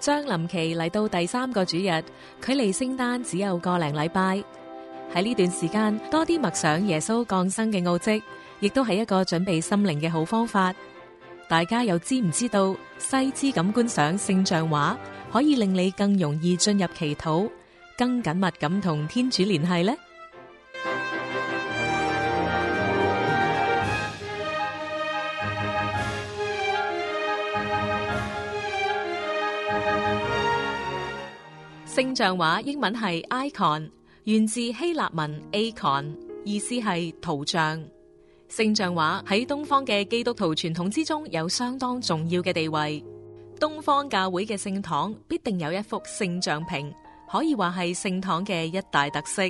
將臨期嚟到第三個主日，距離聖誕只有個零禮拜。喺呢段時間，多啲默想耶穌降生嘅奧蹟，亦都係一個準備心靈嘅好方法。大家又知唔知道，細緻咁觀賞聖像畫，可以令你更容易進入祈禱，更緊密咁同天主聯繫呢？聖像畫英文係 icon，源自希臘文 icon，意思係圖像。聖像畫喺東方嘅基督徒傳統之中有相當重要嘅地位。東方教會嘅聖堂必定有一幅聖像屏，可以話係聖堂嘅一大特色。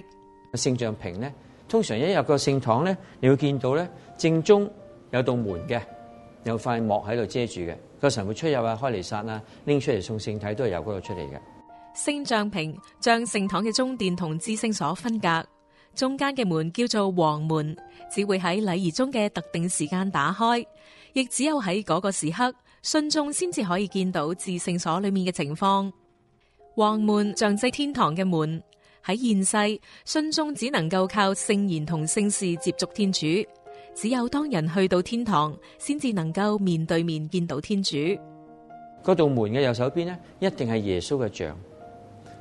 聖像屏呢，通常一入個聖堂呢，你會見到呢，正中有道門嘅，有塊幕喺度遮住嘅。個神會出入啊，開嚟殺啊，拎出嚟送聖體，都係由嗰度出嚟嘅。聖像屏將聖堂嘅中殿同至聖所分隔，中間嘅門叫做黃門，只會喺禮儀中嘅特定時間打開，亦只有喺嗰個時刻，信眾先至可以見到至聖所裏面嘅情況。黃門象徵天堂嘅門喺現世，信眾只能夠靠聖言同聖事接觸天主，只有當人去到天堂，先至能夠面對面見到天主。嗰道門嘅右手邊咧，一定係耶穌嘅像。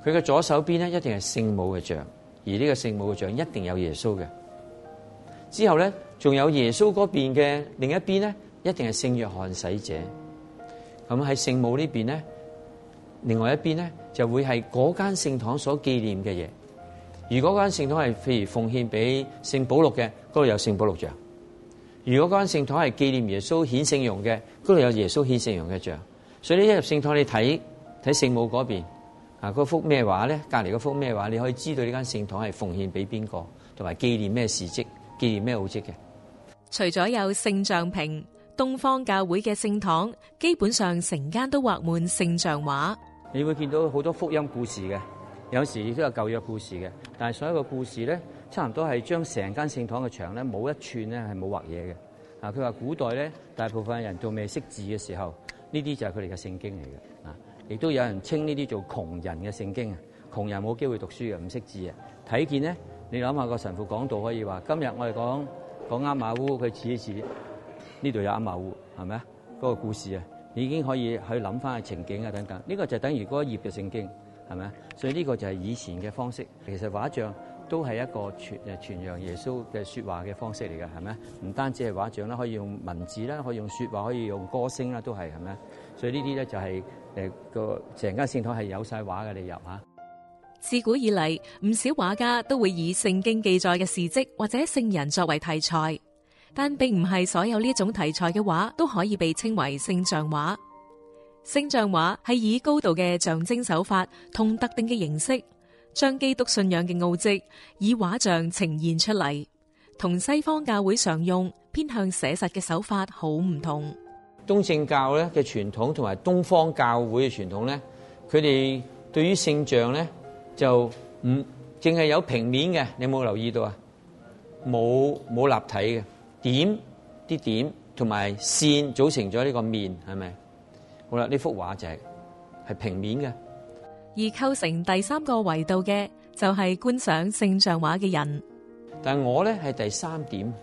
佢嘅左手邊咧，一定係聖母嘅像，而呢個聖母嘅像一定有耶穌嘅。之後咧，仲有耶穌嗰邊嘅另一邊咧，一定係聖約翰洗者。咁喺聖母這邊呢邊咧，另外一邊咧就會係嗰間聖堂所紀念嘅嘢。如果嗰間聖堂係譬如奉獻俾聖保祿嘅，嗰度有聖保祿像；如果嗰間聖堂係紀念耶穌顯聖容嘅，嗰度有耶穌顯聖容嘅像。所以呢，一入聖堂，你睇睇聖母嗰邊。啊！嗰幅咩畫咧？隔離嗰幅咩畫？你可以知道呢間聖堂係奉獻俾邊個，同埋紀念咩事蹟、紀念咩好蹟嘅。除咗有聖像屏，東方教會嘅聖堂基本上成間都畫滿聖像畫。你會見到好多福音故事嘅，有時亦都有舊約故事嘅。但係所有個故事咧，差唔多係將成間聖堂嘅牆咧，冇一寸咧係冇畫嘢嘅。啊！佢話古代咧，大部分人仲未識字嘅時候，呢啲就係佢哋嘅聖經嚟嘅。啊！亦都有人稱呢啲做窮人嘅聖經啊，窮人冇機會讀書嘅，唔識字啊，睇見咧，你諗下個神父講道可以話，今日我哋講講啱馬烏，佢似一似呢度有啱馬烏，係咪啊？嗰、那個故事啊，你已經可以去諗返個情景啊，等等。呢、這個就等於嗰一頁嘅聖經，係咪啊？所以呢個就係以前嘅方式，其實畫像。都係一個傳誒傳揚耶穌嘅說話嘅方式嚟嘅，係咪？唔單止係畫像啦,可以用文字啦，可以用說話，可以用歌聲啦，都係，係咪？所以呢啲咧就係、是、誒個成間聖堂係有晒畫嘅理由。吓。自古以嚟，唔少畫家都會以聖經記載嘅事迹或者聖人作為題材，但並唔係所有呢種題材嘅畫都可以被稱為聖像畫。聖像畫係以高度嘅象徵手法同特定嘅形式，將基督信仰嘅奧跡以畫像呈現出嚟，同西方教會常用偏向寫實嘅手法好唔同。東正教咧嘅傳統同埋東方教會嘅傳統咧，佢哋對於聖像咧就唔淨係有平面嘅，你有冇留意到啊？冇冇立體嘅點，啲點同埋線組成咗呢個面，係咪？好啦，呢幅畫就係係平面嘅。而構成第三個維度嘅就係觀賞聖像畫嘅人。但我咧係第三點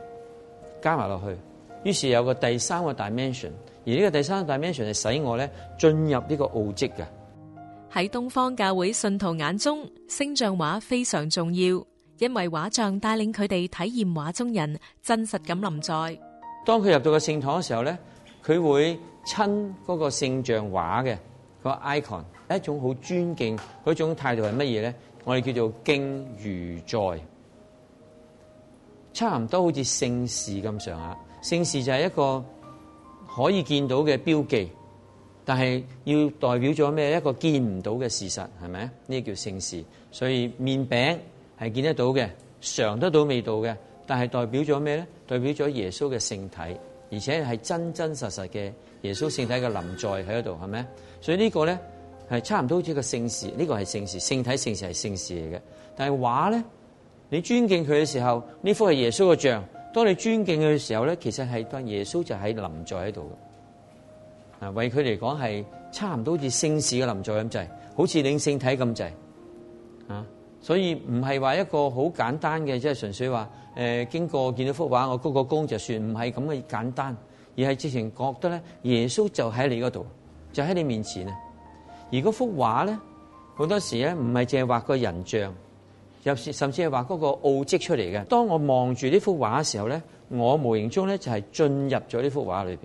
加埋落去，於是有個第三個 dimension，而呢個第三個 dimension 係使我咧進入呢個奧迹嘅。喺東方教會信徒眼中，聖像畫非常重要，因為畫像帶領佢哋體驗畫中人真實咁臨在。當佢入到個聖堂嘅時候咧，佢會親嗰個聖像畫嘅個 icon。一種好尊敬嗰一種態度係乜嘢咧？我哋叫做敬如在，差唔多好似聖事咁上下。聖事就係一個可以見到嘅標記，但係要代表咗咩？一個見唔到嘅事實係咪？呢叫聖事。所以麵餅係見得到嘅，嘗得到味道嘅，但係代表咗咩咧？代表咗耶穌嘅聖體，而且係真真實實嘅耶穌聖體嘅臨在喺度係咪？所以這個呢個咧。係差唔多好似個聖事，呢、這個係聖事，聖體聖事係聖事嚟嘅。但係畫咧，你尊敬佢嘅時候，呢幅係耶穌嘅像。當你尊敬佢嘅時候咧，其實係當耶穌就喺臨在喺度。啊，為佢嚟講係差唔多好似聖事嘅臨在咁滯、就是，好似領聖體咁滯啊！所以唔係話一個好簡單嘅，即、就、係、是、純粹話誒、呃，經過見到幅畫，我鞠個躬就算，唔係咁嘅簡單，而係直情覺得咧，耶穌就喺你嗰度，就喺你面前啊！而嗰幅畫咧，好多時咧唔係淨係畫個人像，有時甚至係畫嗰個奧跡出嚟嘅。當我望住呢幅畫嘅時候咧，我無形中咧就係進入咗呢幅畫裏邊，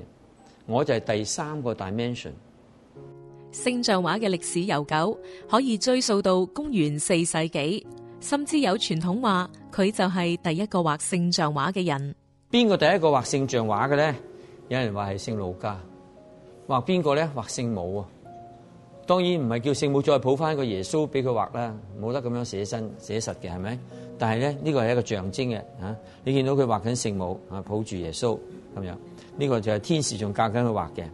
我就係第三個 dimension。聖像畫嘅歷史悠久，可以追溯到公元四世紀，甚至有傳統話佢就係第一個畫聖像畫嘅人。邊個第一個畫聖像畫嘅咧？有人話係聖路加，畫邊個咧？畫聖母啊！當然唔係叫聖母再抱翻一個耶穌俾佢畫啦，冇得咁樣寫真寫實嘅，係咪？但係咧，呢個係一個象徵嘅嚇。你見到佢畫緊聖母啊，抱住耶穌咁樣，呢個就係天使仲教緊佢畫嘅。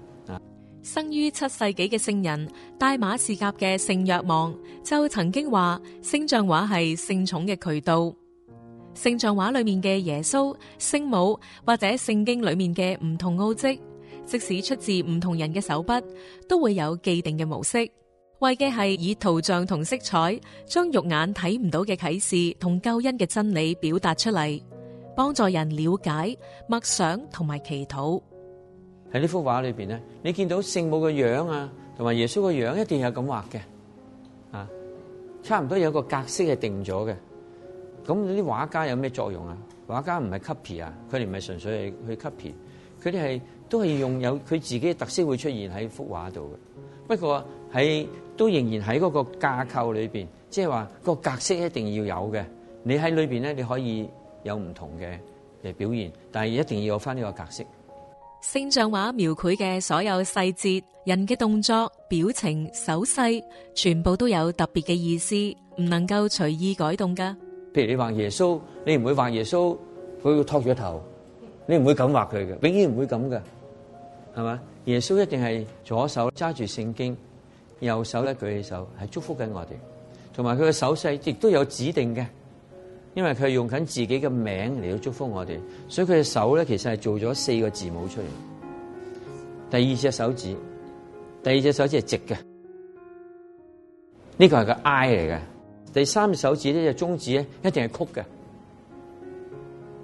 生於七世紀嘅聖人大馬士革嘅聖若望就曾經話：聖像畫係聖寵嘅渠道。聖像畫裡面嘅耶穌、聖母或者聖經裡面嘅唔同奧跡，即使出自唔同人嘅手筆，都會有既定嘅模式，為嘅係以圖像同色彩，將肉眼睇唔到嘅啟示同救恩嘅真理表達出嚟，幫助人了解、默想同埋祈禱。喺呢幅畫裏邊咧，你見到聖母嘅樣啊，同埋耶穌嘅樣一定係咁畫嘅，啊，差唔多有個格式係定咗嘅。咁啲畫家有咩作用啊？畫家唔係 copy 啊，佢哋唔係純粹係去 copy，佢哋係。都係用有佢自己嘅特色會出現喺幅畫度嘅，不過喺都仍然喺嗰個架構裏邊，即係話個格式一定要有嘅。你喺裏邊咧，你可以有唔同嘅嘅表現，但係一定要有返呢個格式。聖像畫描繪嘅所有細節，人嘅動作、表情、手勢，全部都有特別嘅意思，唔能夠隨意改動㗎。譬如你畫耶穌，你唔會畫耶穌佢會托住頭，你唔會咁畫佢嘅，永遠唔會咁嘅。係嘛？耶穌一定係左手揸住聖經，右手咧舉起手，係祝福緊我哋。同埋佢嘅手勢亦都有指定嘅，因為佢係用緊自己嘅名嚟到祝福我哋。所以佢嘅手咧，其實係做咗四個字母出嚟。第二隻手指，第二隻手指係直嘅，呢、這個係個 I 嚟嘅。第三隻手指，指呢，隻中指咧一定係曲嘅。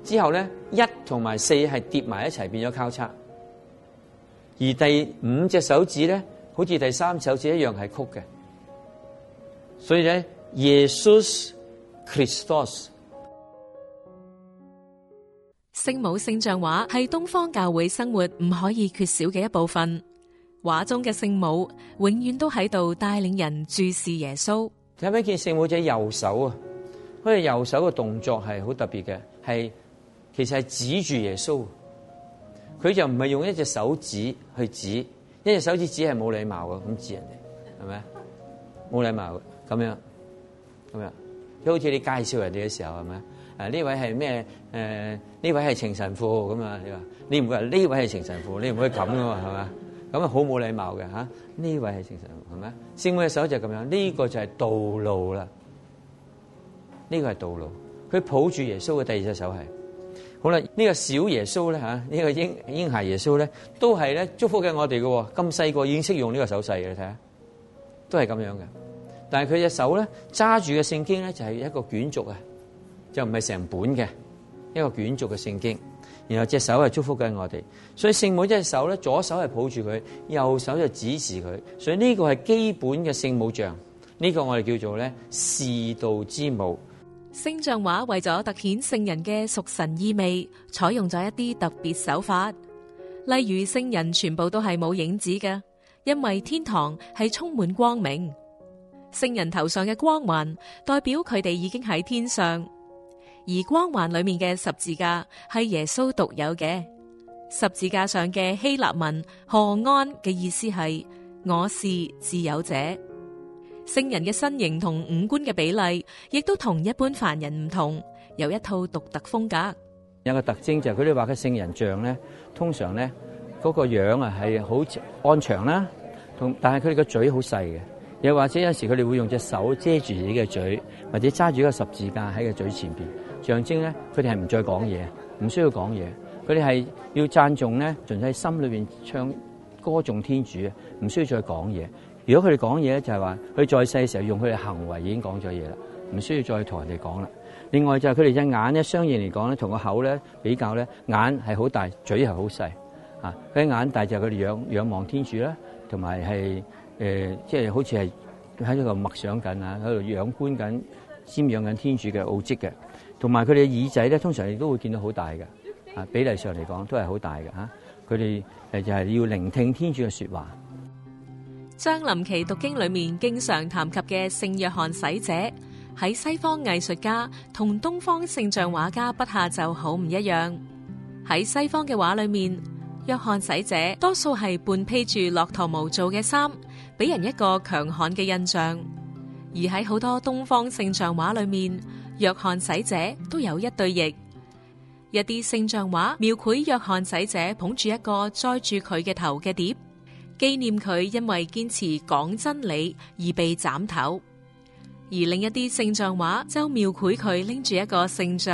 之後咧，一同埋四係疊埋一齊變咗交叉。而第五隻手指咧，好似第三隻手指一樣係曲嘅，所以咧，耶穌 Christos 聖母聖像畫係東方教會生活唔可以缺少嘅一部分。畫中嘅聖母永遠都喺度帶領人注視耶穌。睇唔睇見聖母隻右手啊？佢嘅右手嘅動作係好特別嘅，係其實係指住耶穌。佢就唔係用一隻手指去指，一隻手指指係冇禮貌嘅，咁指人哋係咪？冇禮貌嘅，咁樣咁樣，好似你介紹人哋嘅時候係咪？啊呢位係咩？誒、呃、呢位係情神父咁啊？你話你唔會話呢位係情神父，你唔可以咁噶嘛？係嘛？咁啊好冇禮貌嘅吓，呢位係情神父係咪？聖母嘅手就咁樣，呢、這個就係道路啦。呢、這個係道路，佢抱住耶穌嘅第二隻手係。好啦，呢個小耶穌咧嚇，呢個嬰嬰孩耶穌咧，都係咧祝福緊我哋嘅。咁細個已經識用呢個手勢嘅，你睇下，都係咁樣嘅。但係佢隻手咧揸住嘅聖經咧就係一個卷軸啊，就唔係成本嘅一個卷軸嘅聖經。然後隻手係祝福緊我哋，所以聖母隻手咧左手係抱住佢，右手就指示佢。所以呢個係基本嘅聖母像，呢個我哋叫做咧事道之母。聖像畫為咗特顯聖人嘅屬神意味，採用咗一啲特別手法，例如聖人全部都係冇影子嘅，因為天堂係充滿光明。聖人頭上嘅光環代表佢哋已經喺天上，而光環裏面嘅十字架係耶穌獨有嘅。十字架上嘅希臘文何安嘅意思係我是自有者。聖人嘅身形同五官嘅比例，亦都同一般凡人唔同，有一套獨特風格。有個特徵就係佢哋話嘅聖人像咧，通常咧嗰個樣啊係好安詳啦，同但係佢哋個嘴，好細嘅，又或者有陣時佢哋會用隻手遮住自己嘅嘴，或者揸住個十字架喺個嘴前邊，象徵咧佢哋係唔再講嘢，唔需要講嘢，佢哋係要讚頌咧，純粹心裏邊唱歌頌天主，唔需要再講嘢。如果佢哋講嘢咧，就係話佢在世嘅時候用佢哋行為已經講咗嘢啦，唔需要再同人哋講啦。另外就係佢哋隻眼咧，相應嚟講咧，同個口咧比較咧，眼係好大，嘴係好細。啊，佢眼大就係佢哋仰仰望天主啦，同埋係誒即係好似係喺度默想緊啊，喺度仰觀緊瞻仰緊天主嘅奧蹟嘅。同埋佢哋耳仔咧，通常亦都會見到好大嘅，啊比例上嚟講都係好大嘅嚇。佢哋誒就係要聆聽天主嘅説話。張林琪，讀經裏面經常談及嘅聖約翰使者，喺西方藝術家同東方聖像畫家筆下就好唔一樣。喺西方嘅畫裏面，約翰使者多數係半披住駱駝毛做嘅衫，俾人一個強悍嘅印象。而喺好多東方聖像畫裏面，約翰使者都有一對翼。一啲聖像畫描繪約翰使者捧住一個載住佢嘅頭嘅碟紀念佢因為堅持講真理而被斬頭，而另一啲聖像畫就描繪佢拎住一個聖爵，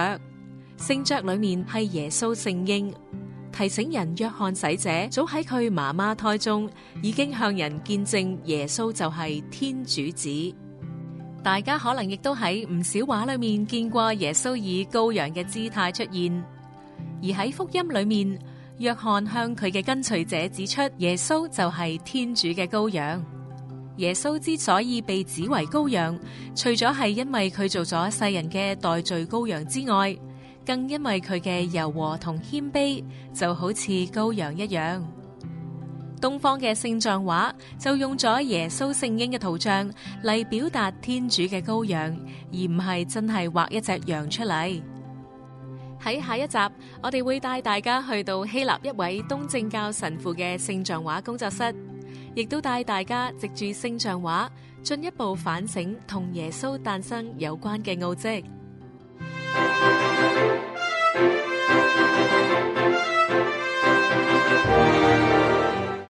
聖爵裏面係耶穌聖嬰，提醒人約翰使者早喺佢媽媽胎中已經向人見證耶穌就係天主子。大家可能亦都喺唔少畫裏面見過耶穌以羔羊嘅姿態出現，而喺福音裏面。約翰向佢嘅跟隨者指出，耶穌就係天主嘅羔羊。耶穌之所以被指為羔羊，除咗係因為佢做咗世人嘅代罪羔羊之外，更因為佢嘅柔和同謙卑，就好似羔羊一樣。東方嘅聖像畫就用咗耶穌聖嬰嘅圖像嚟表達天主嘅羔羊，而唔係真係畫一隻羊出嚟。喺下一集，我哋會帶大家去到希臘一位東正教神父嘅聖像畫工作室，亦都帶大家藉住聖像畫進一步反省同耶穌誕生有關嘅奧跡。